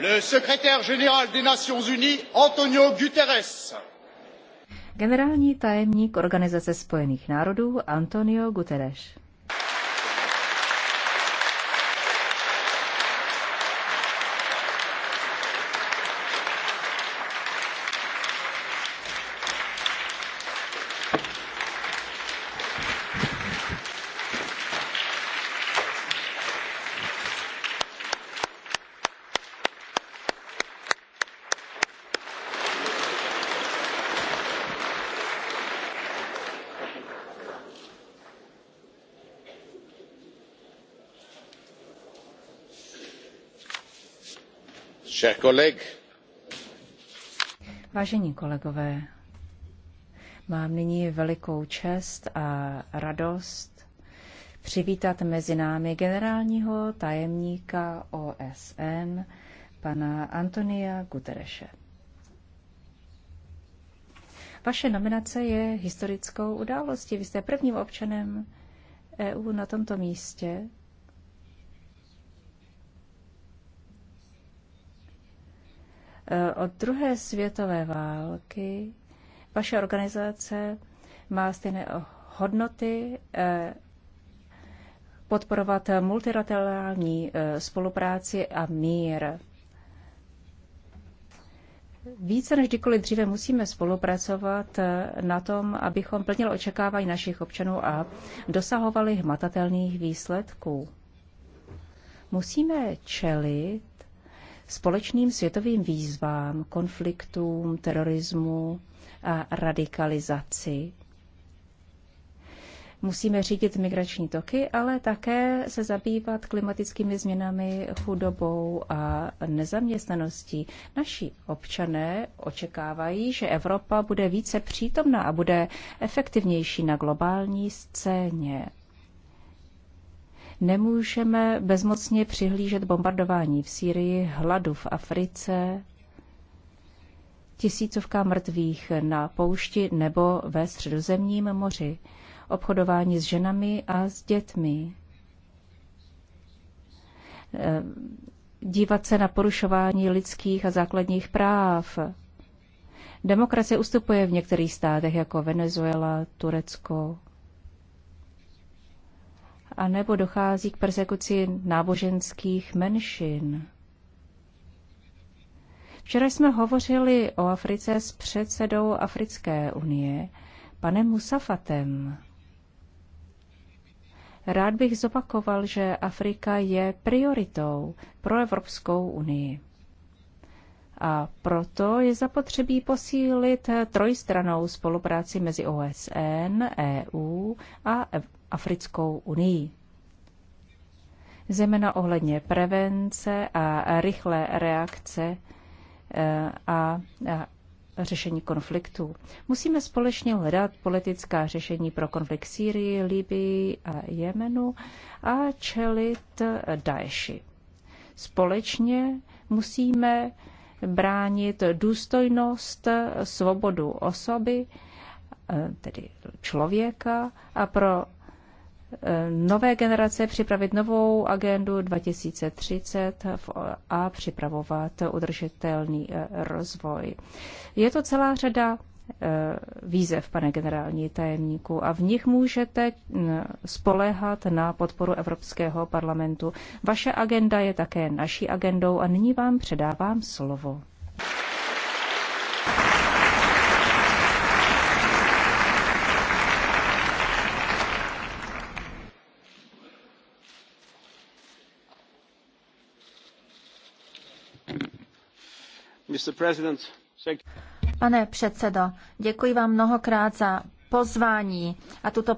le secrétaire général des Nations Unies Antonio Guterres. Generální tajemník Organizace spojených národů Antonio Guterres. Vážení kolegové, mám nyní velikou čest a radost přivítat mezi námi generálního tajemníka OSN, pana Antonia Gutereše. Vaše nominace je historickou událostí. Vy jste prvním občanem EU na tomto místě, Eh, od druhé světové války vaše organizace má stejné eh, hodnoty eh, podporovat multilaterální spolupráci a mír. Více než kdykoliv dříve musíme spolupracovat na tom, abychom plnili očekávání našich občanů a dosahovali hmatatelných výsledků. Musíme čelit společným světovým výzvám, konfliktům, terorismu a radikalizaci. Musíme řídit migrační toky, ale také se zabývat klimatickými změnami, chudobou a nezaměstnaností. Naši občané očekávají, že Evropa bude více přítomná a bude efektivnější na globální scéně. Nemůžeme bezmocně přihlížet bombardování v Sýrii, hladu v Africe, tisícovka mrtvých na poušti nebo ve středozemním moři, obchodování s ženami a s dětmi. Eh, dívat se na porušování lidských a základních práv. Demokracie ustupuje v některých státech jako Venezuela, Turecko, a nebo dochází k persekuci náboženských menšin. Včera jsme hovořili o Africe s předsedou Africké unie, panem Musafatem. Rád bych zopakoval, že Afrika je prioritou pro Evropskou unii. A proto je zapotřebí posílit trojstranou spolupráci mezi OSN, EU a Africkou unii. Zemena ohledně prevence a rychlé reakce eh, a řešení konfliktů. Musíme společně hledat politická řešení pro konflikt Sýrii, Libii a Jemenu a čelit Daeši. Společně musíme bránit důstojnost, svobodu osoby, eh, tedy člověka, a pro eh, nové generace připravit novou agendu 2030 a připravovat udržitelný eh, rozvoj. Je to celá řada Eh, výzev, pane generální tajemníku, a v nich můžete eh, spoléhat na podporu Evropského parlamentu. Vaše agenda je také naší agendou a nyní vám předávám slovo. Mr. President, thank you. Pane předsedo, děkuji vám mnohokrát za pozvání a tuto